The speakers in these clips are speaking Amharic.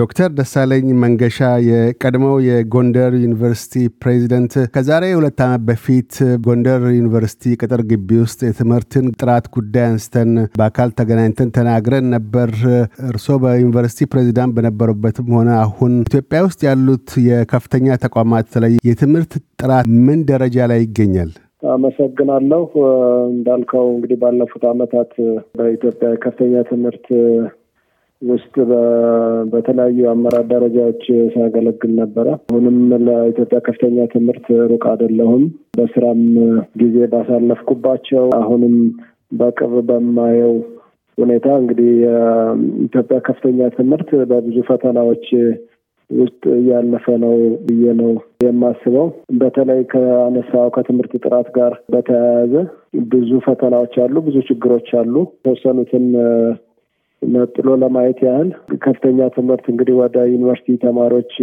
ዶክተር ደሳለኝ መንገሻ የቀድሞው የጎንደር ዩኒቨርሲቲ ፕሬዚደንት፣ ከዛሬ ሁለት ዓመት በፊት ጎንደር ዩኒቨርሲቲ ቅጥር ግቢ ውስጥ የትምህርትን ጥራት ጉዳይ አንስተን በአካል ተገናኝተን ተናግረን ነበር። እርስዎ በዩኒቨርሲቲ ፕሬዚዳንት በነበሩበትም ሆነ አሁን ኢትዮጵያ ውስጥ ያሉት የከፍተኛ ተቋማት ላይ የትምህርት ጥራት ምን ደረጃ ላይ ይገኛል? አመሰግናለሁ። እንዳልከው እንግዲህ ባለፉት ዓመታት በኢትዮጵያ የከፍተኛ ትምህርት ውስጥ በተለያዩ አመራር ደረጃዎች ሲያገለግል ነበረ። አሁንም ለኢትዮጵያ ከፍተኛ ትምህርት ሩቅ አይደለሁም። በስራም ጊዜ ባሳለፍኩባቸው አሁንም በቅርብ በማየው ሁኔታ እንግዲህ የኢትዮጵያ ከፍተኛ ትምህርት በብዙ ፈተናዎች ውስጥ እያለፈ ነው ብዬ ነው የማስበው። በተለይ ከአነሳው ከትምህርት ጥራት ጋር በተያያዘ ብዙ ፈተናዎች አሉ፣ ብዙ ችግሮች አሉ። የተወሰኑትን ነጥሎ ለማየት ያህል ከፍተኛ ትምህርት እንግዲህ ወደ ዩኒቨርሲቲ ተማሪዎች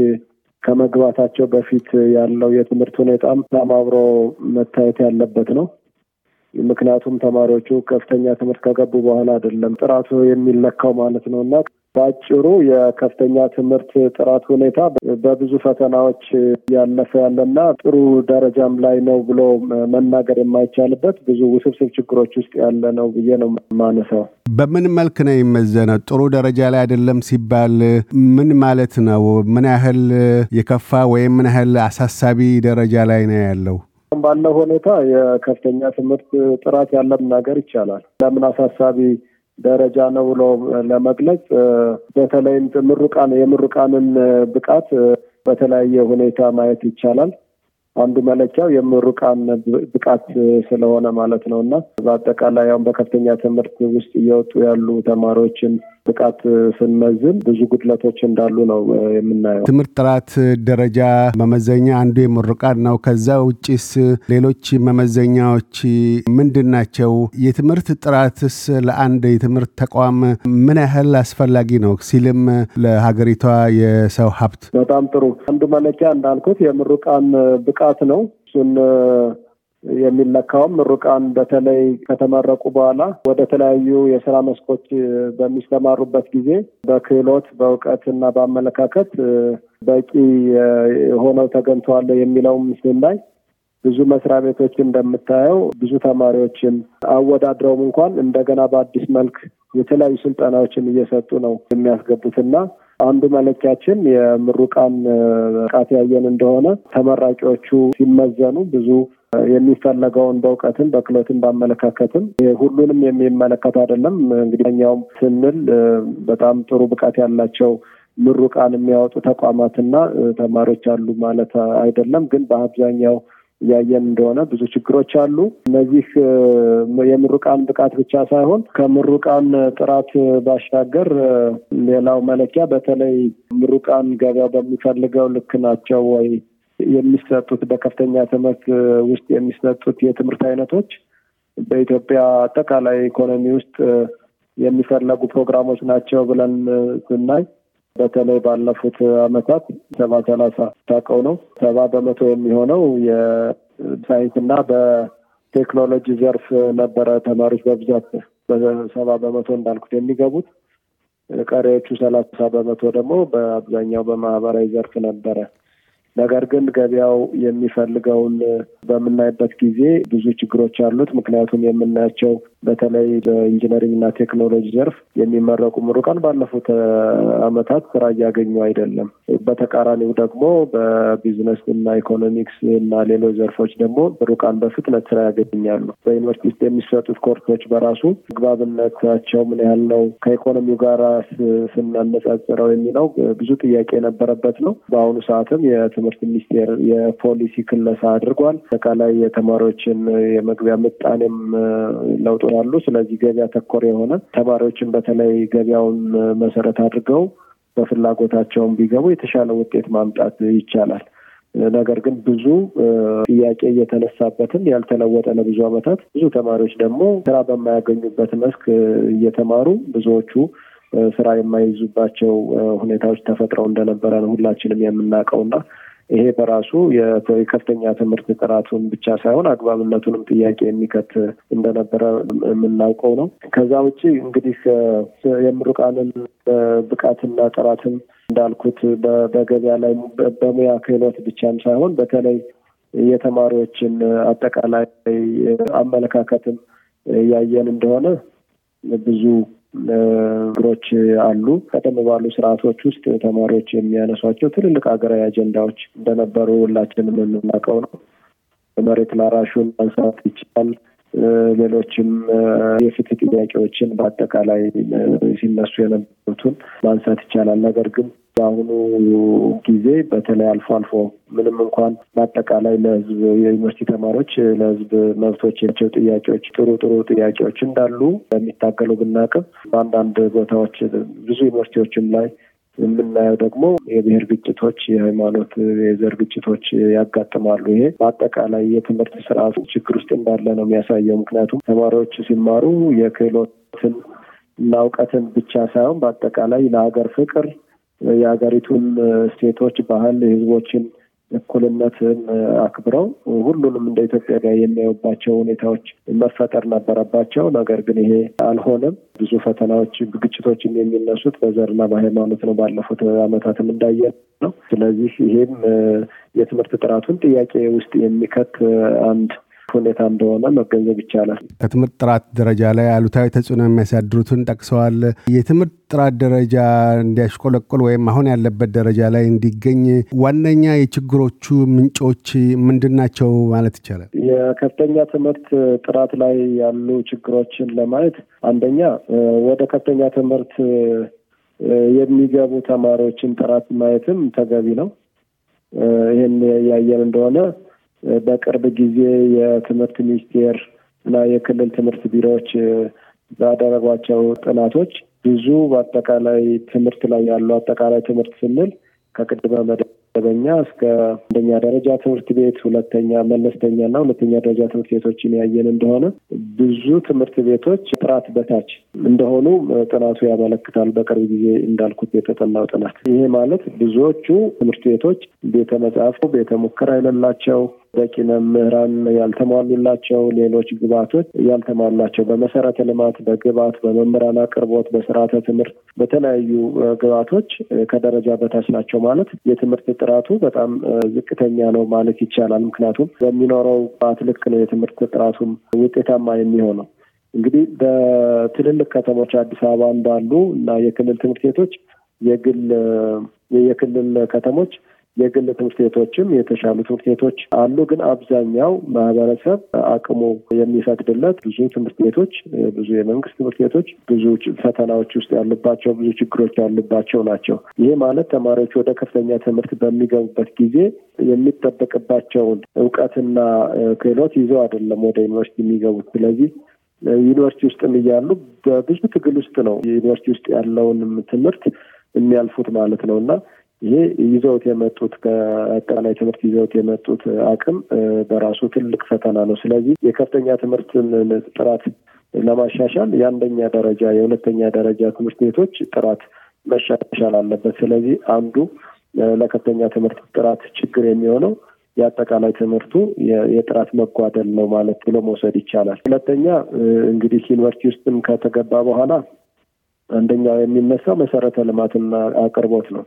ከመግባታቸው በፊት ያለው የትምህርት ሁኔታም በጣም አብሮ መታየት ያለበት ነው። ምክንያቱም ተማሪዎቹ ከፍተኛ ትምህርት ከገቡ በኋላ አይደለም ጥራቱ የሚለካው ማለት ነው እና በአጭሩ የከፍተኛ ትምህርት ጥራት ሁኔታ በብዙ ፈተናዎች ያለፈ ያለና ጥሩ ደረጃም ላይ ነው ብሎ መናገር የማይቻልበት ብዙ ውስብስብ ችግሮች ውስጥ ያለ ነው ብዬ ነው ማነሳው። በምን መልክ ነው የሚመዘነው? ጥሩ ደረጃ ላይ አይደለም ሲባል ምን ማለት ነው? ምን ያህል የከፋ ወይም ምን ያህል አሳሳቢ ደረጃ ላይ ነው ያለው? ባለው ሁኔታ የከፍተኛ ትምህርት ጥራት ያለም ነገር ይቻላል። ለምን አሳሳቢ ደረጃ ነው ብሎ ለመግለጽ በተለይም ምሩቃን የምሩቃንን ብቃት በተለያየ ሁኔታ ማየት ይቻላል። አንዱ መለኪያው የምሩቃን ብቃት ስለሆነ ማለት ነው እና በአጠቃላይ አሁን በከፍተኛ ትምህርት ውስጥ እየወጡ ያሉ ተማሪዎችን ብቃት ስንመዝን ብዙ ጉድለቶች እንዳሉ ነው የምናየው። ትምህርት ጥራት ደረጃ መመዘኛ አንዱ የምሩቃን ነው። ከዛ ውጭስ ሌሎች መመዘኛዎች ምንድን ናቸው? የትምህርት ጥራትስ ለአንድ የትምህርት ተቋም ምን ያህል አስፈላጊ ነው ሲልም ለሀገሪቷ የሰው ሀብት በጣም ጥሩ አንዱ መለኪያ እንዳልኩት የምሩቃን ብቃት ነው። እሱን የሚለካውም ምሩቃን በተለይ ከተመረቁ በኋላ ወደ ተለያዩ የስራ መስኮች በሚሰማሩበት ጊዜ በክህሎት በእውቀት እና በአመለካከት በቂ ሆነው ተገኝተዋል የሚለውም ምስል ላይ ብዙ መስሪያ ቤቶች እንደምታየው ብዙ ተማሪዎችን አወዳድረውም እንኳን እንደገና በአዲስ መልክ የተለያዩ ስልጠናዎችን እየሰጡ ነው የሚያስገቡትና አንዱ መለኪያችን የምሩቃን ብቃት ያየን እንደሆነ ተመራቂዎቹ ሲመዘኑ ብዙ የሚፈለገውን በእውቀትም በክሎትም በአመለካከትም ሁሉንም የሚመለከት አይደለም። እንግዲህ እኛውም ስንል በጣም ጥሩ ብቃት ያላቸው ምሩቃን የሚያወጡ ተቋማትና ተማሪዎች አሉ ማለት አይደለም። ግን በአብዛኛው እያየን እንደሆነ ብዙ ችግሮች አሉ። እነዚህ የምሩቃን ብቃት ብቻ ሳይሆን ከምሩቃን ጥራት ባሻገር ሌላው መለኪያ በተለይ ምሩቃን ገበያ በሚፈልገው ልክ ናቸው ወይ የሚሰጡት በከፍተኛ ትምህርት ውስጥ የሚሰጡት የትምህርት አይነቶች በኢትዮጵያ አጠቃላይ ኢኮኖሚ ውስጥ የሚፈለጉ ፕሮግራሞች ናቸው ብለን ስናይ በተለይ ባለፉት አመታት ሰባ ሰላሳ ታውቀው ነው ሰባ በመቶ የሚሆነው የሳይንስና በቴክኖሎጂ ዘርፍ ነበረ ተማሪዎች በብዛት በሰባ በመቶ እንዳልኩት የሚገቡት ቀሪዎቹ ሰላሳ በመቶ ደግሞ በአብዛኛው በማህበራዊ ዘርፍ ነበረ። ነገር ግን ገበያው የሚፈልገውን በምናይበት ጊዜ ብዙ ችግሮች አሉት። ምክንያቱም የምናያቸው በተለይ በኢንጂነሪንግ እና ቴክኖሎጂ ዘርፍ የሚመረቁ ምሩቃን ባለፉት አመታት ስራ እያገኙ አይደለም። በተቃራኒው ደግሞ በቢዝነስ እና ኢኮኖሚክስ እና ሌሎች ዘርፎች ደግሞ ምሩቃን በፍጥነት ስራ ያገኛሉ። በዩኒቨርሲቲ ውስጥ የሚሰጡት ኮርሶች በራሱ ግባብነታቸው ምን ያህል ነው ከኢኮኖሚው ጋር ስናነጻጽረው የሚለው ብዙ ጥያቄ የነበረበት ነው። በአሁኑ ሰዓትም የትምህርት ሚኒስቴር የፖሊሲ ክለሳ አድርጓል። አጠቃላይ የተማሪዎችን የመግቢያ ምጣኔም ለውጦ ያሉ። ስለዚህ ገበያ ተኮር የሆነ ተማሪዎችን በተለይ ገበያውን መሰረት አድርገው በፍላጎታቸውን ቢገቡ የተሻለ ውጤት ማምጣት ይቻላል። ነገር ግን ብዙ ጥያቄ እየተነሳበትም ያልተለወጠ ለብዙ ዓመታት ብዙ ተማሪዎች ደግሞ ስራ በማያገኙበት መስክ እየተማሩ ብዙዎቹ ስራ የማይዙባቸው ሁኔታዎች ተፈጥረው እንደነበረ ነው ሁላችንም የምናውቀውና ይሄ በራሱ የከፍተኛ ትምህርት ጥራቱን ብቻ ሳይሆን አግባብነቱንም ጥያቄ የሚከት እንደነበረ የምናውቀው ነው። ከዛ ውጭ እንግዲህ የምሩቃንን ብቃትና ጥራትም እንዳልኩት በገበያ ላይ በሙያ ክህሎት ብቻም ሳይሆን በተለይ የተማሪዎችን አጠቃላይ አመለካከትም ያየን እንደሆነ ብዙ ነገሮች አሉ። ቀደም ባሉ ስርዓቶች ውስጥ ተማሪዎች የሚያነሷቸው ትልልቅ ሀገራዊ አጀንዳዎች እንደነበሩ ሁላችንም የምናውቀው ነው። መሬት ላራሹን ማንሳት ይችላል። ሌሎችም የፍትህ ጥያቄዎችን በአጠቃላይ ሲነሱ የነበሩትን ማንሳት ይቻላል። ነገር ግን በአሁኑ ጊዜ በተለይ አልፎ አልፎ ምንም እንኳን በአጠቃላይ ለህዝብ የዩኒቨርሲቲ ተማሪዎች ለህዝብ መብቶች ያቸው ጥያቄዎች ጥሩ ጥሩ ጥያቄዎች እንዳሉ የሚታገሉ ብናቅም በአንዳንድ ቦታዎች ብዙ ዩኒቨርሲቲዎችም ላይ የምናየው ደግሞ የብሔር ግጭቶች፣ የሃይማኖት፣ የዘር ግጭቶች ያጋጥማሉ። ይሄ በአጠቃላይ የትምህርት ስርዓቱ ችግር ውስጥ እንዳለ ነው የሚያሳየው። ምክንያቱም ተማሪዎች ሲማሩ የክህሎትን እና እውቀትን ብቻ ሳይሆን በአጠቃላይ ለሀገር ፍቅር የሀገሪቱን ሴቶች ባህል ህዝቦችን እኩልነትን አክብረው ሁሉንም እንደ ኢትዮጵያ ጋር የሚያዩባቸው ሁኔታዎች መፈጠር ነበረባቸው። ነገር ግን ይሄ አልሆነም። ብዙ ፈተናዎች፣ ግጭቶችም የሚነሱት በዘርና በሃይማኖት ነው። ባለፉት ዓመታትም እንዳየ ነው። ስለዚህ ይሄም የትምህርት ጥራቱን ጥያቄ ውስጥ የሚከት አንድ ሁኔታ እንደሆነ መገንዘብ ይቻላል። ከትምህርት ጥራት ደረጃ ላይ አሉታዊ ተጽዕኖ የሚያሳድሩትን ጠቅሰዋል። የትምህርት ጥራት ደረጃ እንዲያሽቆለቆል ወይም አሁን ያለበት ደረጃ ላይ እንዲገኝ ዋነኛ የችግሮቹ ምንጮች ምንድን ናቸው ማለት ይቻላል? የከፍተኛ ትምህርት ጥራት ላይ ያሉ ችግሮችን ለማየት አንደኛ ወደ ከፍተኛ ትምህርት የሚገቡ ተማሪዎችን ጥራት ማየትም ተገቢ ነው። ይህን ያየን እንደሆነ በቅርብ ጊዜ የትምህርት ሚኒስቴር እና የክልል ትምህርት ቢሮዎች ባደረጓቸው ጥናቶች ብዙ በአጠቃላይ ትምህርት ላይ ያለው አጠቃላይ ትምህርት ስንል ከቅድመ መደበኛ እስከ አንደኛ ደረጃ ትምህርት ቤት፣ ሁለተኛ መለስተኛ እና ሁለተኛ ደረጃ ትምህርት ቤቶችን ያየን እንደሆነ ብዙ ትምህርት ቤቶች ጥራት በታች እንደሆኑ ጥናቱ ያመለክታል። በቅርብ ጊዜ እንዳልኩት የተጠናው ጥናት ይሄ ማለት ብዙዎቹ ትምህርት ቤቶች ቤተ መጽሐፍት፣ ቤተ ሙከራ የሌላቸው በቂነ ምህራን ያልተሟሉላቸው፣ ሌሎች ግብዓቶች ያልተሟላቸው በመሰረተ ልማት፣ በግብዓት፣ በመምህራን አቅርቦት፣ በስርዓተ ትምህርት፣ በተለያዩ ግብዓቶች ከደረጃ በታች ናቸው ማለት የትምህርት ጥራቱ በጣም ዝቅተኛ ነው ማለት ይቻላል። ምክንያቱም በሚኖረው ግብዓት ልክ ነው የትምህርት ጥራቱም ውጤታማ የሚሆነው። እንግዲህ በትልልቅ ከተሞች አዲስ አበባ እንዳሉ እና የክልል ትምህርት ቤቶች የግል የክልል ከተሞች የግል ትምህርት ቤቶችም የተሻሉ ትምህርት ቤቶች አሉ። ግን አብዛኛው ማህበረሰብ አቅሙ የሚፈቅድለት ብዙ ትምህርት ቤቶች፣ ብዙ የመንግስት ትምህርት ቤቶች ብዙ ፈተናዎች ውስጥ ያሉባቸው ብዙ ችግሮች ያሉባቸው ናቸው። ይሄ ማለት ተማሪዎች ወደ ከፍተኛ ትምህርት በሚገቡበት ጊዜ የሚጠበቅባቸውን እውቀትና ክህሎት ይዘው አይደለም ወደ ዩኒቨርሲቲ የሚገቡት። ስለዚህ ዩኒቨርሲቲ ውስጥም እያሉ በብዙ ትግል ውስጥ ነው ዩኒቨርሲቲ ውስጥ ያለውንም ትምህርት የሚያልፉት ማለት ነው እና ይሄ ይዘውት የመጡት ከአጠቃላይ ትምህርት ይዘውት የመጡት አቅም በራሱ ትልቅ ፈተና ነው። ስለዚህ የከፍተኛ ትምህርትን ጥራት ለማሻሻል የአንደኛ ደረጃ የሁለተኛ ደረጃ ትምህርት ቤቶች ጥራት መሻሻል አለበት። ስለዚህ አንዱ ለከፍተኛ ትምህርት ጥራት ችግር የሚሆነው የአጠቃላይ ትምህርቱ የጥራት መጓደል ነው ማለት ብሎ መውሰድ ይቻላል። ሁለተኛ እንግዲህ ዩኒቨርሲቲ ውስጥም ከተገባ በኋላ አንደኛው የሚነሳው መሰረተ ልማትና አቅርቦት ነው።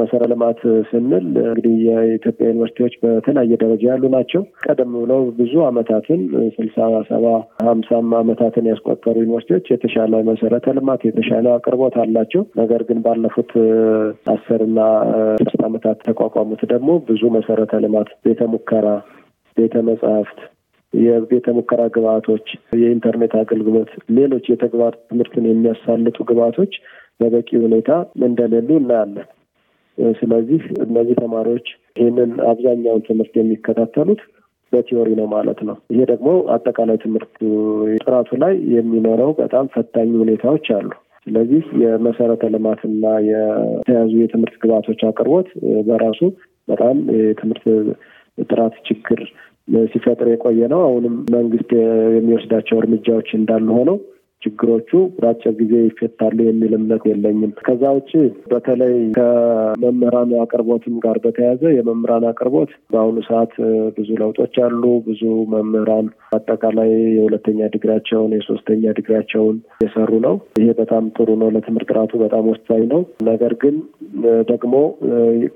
መሰረ ልማት ስንል እንግዲህ የኢትዮጵያ ዩኒቨርሲቲዎች በተለያየ ደረጃ ያሉ ናቸው። ቀደም ብለው ብዙ አመታትን ስልሳ ሰባ ሀምሳም ዓመታትን ያስቆጠሩ ዩኒቨርሲቲዎች የተሻለ መሰረተ ልማት የተሻለ አቅርቦት አላቸው። ነገር ግን ባለፉት አስርና ስድስት ዓመታት ተቋቋሙት ደግሞ ብዙ መሰረተ ልማት ቤተ ሙከራ፣ ቤተ መጽሐፍት የቤተ ሙከራ ግብአቶች፣ የኢንተርኔት አገልግሎት፣ ሌሎች የተግባር ትምህርትን የሚያሳልጡ ግብአቶች በበቂ ሁኔታ እንደሌሉ እናያለን። ስለዚህ እነዚህ ተማሪዎች ይህንን አብዛኛውን ትምህርት የሚከታተሉት በቲዮሪ ነው ማለት ነው። ይሄ ደግሞ አጠቃላይ ትምህርት ጥራቱ ላይ የሚኖረው በጣም ፈታኝ ሁኔታዎች አሉ። ስለዚህ የመሰረተ ልማትና የተያዙ የትምህርት ግብዓቶች አቅርቦት በራሱ በጣም የትምህርት ጥራት ችግር ሲፈጥር የቆየ ነው። አሁንም መንግስት የሚወስዳቸው እርምጃዎች እንዳሉ ሆነው ችግሮቹ በአጭር ጊዜ ይፈታሉ የሚል እምነት የለኝም። ከዛ ውጭ በተለይ ከመምህራን አቅርቦትም ጋር በተያያዘ የመምህራን አቅርቦት በአሁኑ ሰዓት ብዙ ለውጦች አሉ። ብዙ መምህራን አጠቃላይ የሁለተኛ ድግራቸውን የሶስተኛ ድግራቸውን የሰሩ ነው። ይሄ በጣም ጥሩ ነው። ለትምህርት ጥራቱ በጣም ወሳኝ ነው። ነገር ግን ደግሞ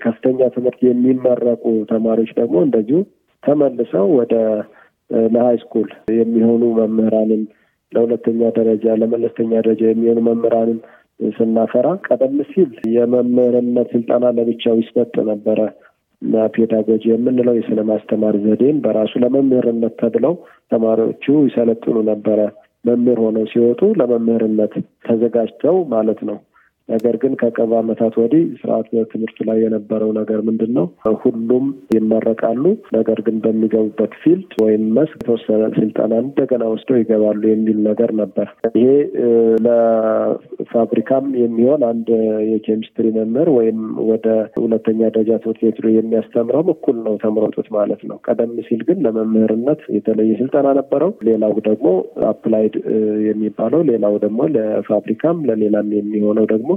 ከፍተኛ ትምህርት የሚመረቁ ተማሪዎች ደግሞ እንደዚሁ ተመልሰው ወደ ለሃይ ስኩል የሚሆኑ መምህራንን ለሁለተኛ ደረጃ ለመለስተኛ ደረጃ የሚሆኑ መምህራንን ስናፈራ ቀደም ሲል የመምህርነት ስልጠና ለብቻው ይሰጥ ነበረ ፔዳጎጂ የምንለው የስነ ማስተማር ዘዴን በራሱ ለመምህርነት ተብለው ተማሪዎቹ ይሰለጥኑ ነበረ። መምህር ሆነው ሲወጡ ለመምህርነት ተዘጋጅተው ማለት ነው ነገር ግን ከቅርብ ዓመታት ወዲህ ስርዓት ትምህርቱ ላይ የነበረው ነገር ምንድን ነው? ሁሉም ይመረቃሉ። ነገር ግን በሚገቡበት ፊልድ ወይም መስክ የተወሰነ ስልጠና እንደገና ወስደው ይገባሉ የሚል ነገር ነበር። ይሄ ለፋብሪካም የሚሆን አንድ የኬሚስትሪ መምህር ወይም ወደ ሁለተኛ ደረጃ ትምህርት ቤት የሚያስተምረውም እኩል ነው ተምረጡት ማለት ነው። ቀደም ሲል ግን ለመምህርነት የተለየ ስልጠና ነበረው። ሌላው ደግሞ አፕላይድ የሚባለው ሌላው ደግሞ ለፋብሪካም ለሌላም የሚሆነው ደግሞ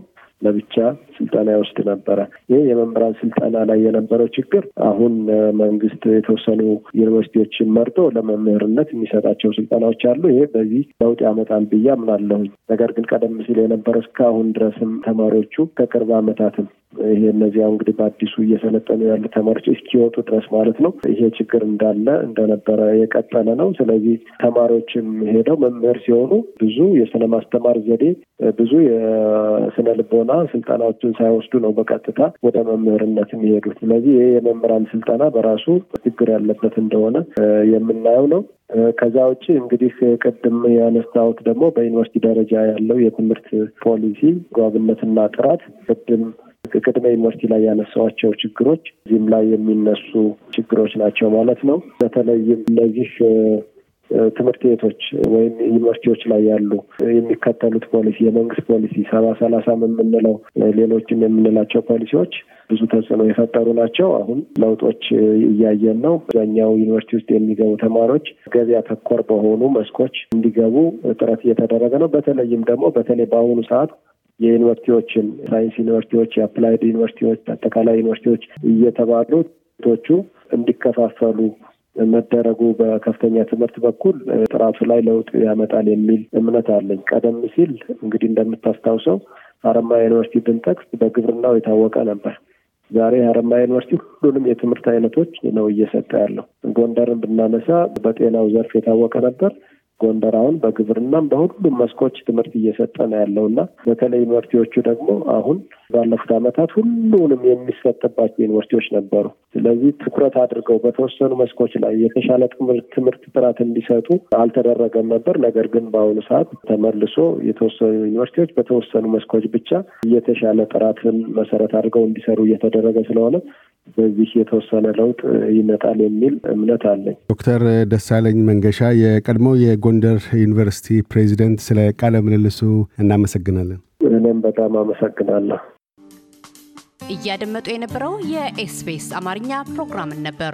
ለብቻ ስልጠና ይወስድ ነበረ። ይህ የመምህራን ስልጠና ላይ የነበረው ችግር አሁን መንግስት የተወሰኑ ዩኒቨርሲቲዎችን መርጦ ለመምህርነት የሚሰጣቸው ስልጠናዎች አሉ። ይሄ በዚህ ለውጥ ያመጣል ብዬ አምናለሁኝ። ነገር ግን ቀደም ሲል የነበረ አሁን ድረስም ተማሪዎቹ ከቅርብ ዓመታትም ይሄ እነዚያ እንግዲህ በአዲሱ እየሰለጠኑ ያሉ ተማሪዎች እስኪወጡ ድረስ ማለት ነው። ይሄ ችግር እንዳለ እንደነበረ የቀጠለ ነው። ስለዚህ ተማሪዎችም ሄደው መምህር ሲሆኑ ብዙ የስነ ማስተማር ዘዴ ብዙ የስነ ልቦና ስልጠናዎችን ሳይወስዱ ነው በቀጥታ ወደ መምህርነት የሚሄዱት። ስለዚህ ይሄ የመምህራን ስልጠና በራሱ ችግር ያለበት እንደሆነ የምናየው ነው። ከዛ ውጭ እንግዲህ ቅድም ያነሳሁት ደግሞ በዩኒቨርሲቲ ደረጃ ያለው የትምህርት ፖሊሲ ጓብነትና ጥራት ቅድም ቅድመ ዩኒቨርሲቲ ላይ ያነሳዋቸው ችግሮች እዚህም ላይ የሚነሱ ችግሮች ናቸው ማለት ነው። በተለይም እነዚህ ትምህርት ቤቶች ወይም ዩኒቨርሲቲዎች ላይ ያሉ የሚከተሉት ፖሊሲ የመንግስት ፖሊሲ ሰባ ሰላሳ የምንለው ሌሎችም የምንላቸው ፖሊሲዎች ብዙ ተጽዕኖ የፈጠሩ ናቸው። አሁን ለውጦች እያየን ነው። አብዛኛው ዩኒቨርሲቲ ውስጥ የሚገቡ ተማሪዎች ገበያ ተኮር በሆኑ መስኮች እንዲገቡ ጥረት እየተደረገ ነው። በተለይም ደግሞ በተለይ በአሁኑ ሰዓት የዩኒቨርሲቲዎችን ሳይንስ ዩኒቨርሲቲዎች፣ የአፕላይድ ዩኒቨርሲቲዎች፣ አጠቃላይ ዩኒቨርሲቲዎች እየተባሉ ቶቹ እንዲከፋፈሉ መደረጉ በከፍተኛ ትምህርት በኩል ጥራቱ ላይ ለውጥ ያመጣል የሚል እምነት አለኝ። ቀደም ሲል እንግዲህ እንደምታስታውሰው ሀረማያ ዩኒቨርሲቲ ብንጠቅስ በግብርናው የታወቀ ነበር። ዛሬ ሀረማያ ዩኒቨርሲቲ ሁሉንም የትምህርት አይነቶች ነው እየሰጠ ያለው። ጎንደርን ብናነሳ በጤናው ዘርፍ የታወቀ ነበር። ጎንደር አሁን በግብርናም በሁሉም መስኮች ትምህርት እየሰጠ ነው ያለው እና በተለይ ዩኒቨርሲቲዎቹ ደግሞ አሁን ባለፉት ዓመታት ሁሉንም የሚሰጥባቸው ዩኒቨርሲቲዎች ነበሩ። ስለዚህ ትኩረት አድርገው በተወሰኑ መስኮች ላይ የተሻለ ትምህርት ጥራት እንዲሰጡ አልተደረገም ነበር። ነገር ግን በአሁኑ ሰዓት ተመልሶ የተወሰኑ ዩኒቨርሲቲዎች በተወሰኑ መስኮች ብቻ የተሻለ ጥራትን መሰረት አድርገው እንዲሰሩ እየተደረገ ስለሆነ በዚህ የተወሰነ ለውጥ ይመጣል የሚል እምነት አለኝ። ዶክተር ደሳለኝ መንገሻ የቀድሞው የጎንደር ዩኒቨርሲቲ ፕሬዚደንት፣ ስለ ቃለ ምልልሱ እናመሰግናለን። እኔም በጣም አመሰግናለሁ። እያደመጡ የነበረው የኤስቢኤስ አማርኛ ፕሮግራምን ነበር።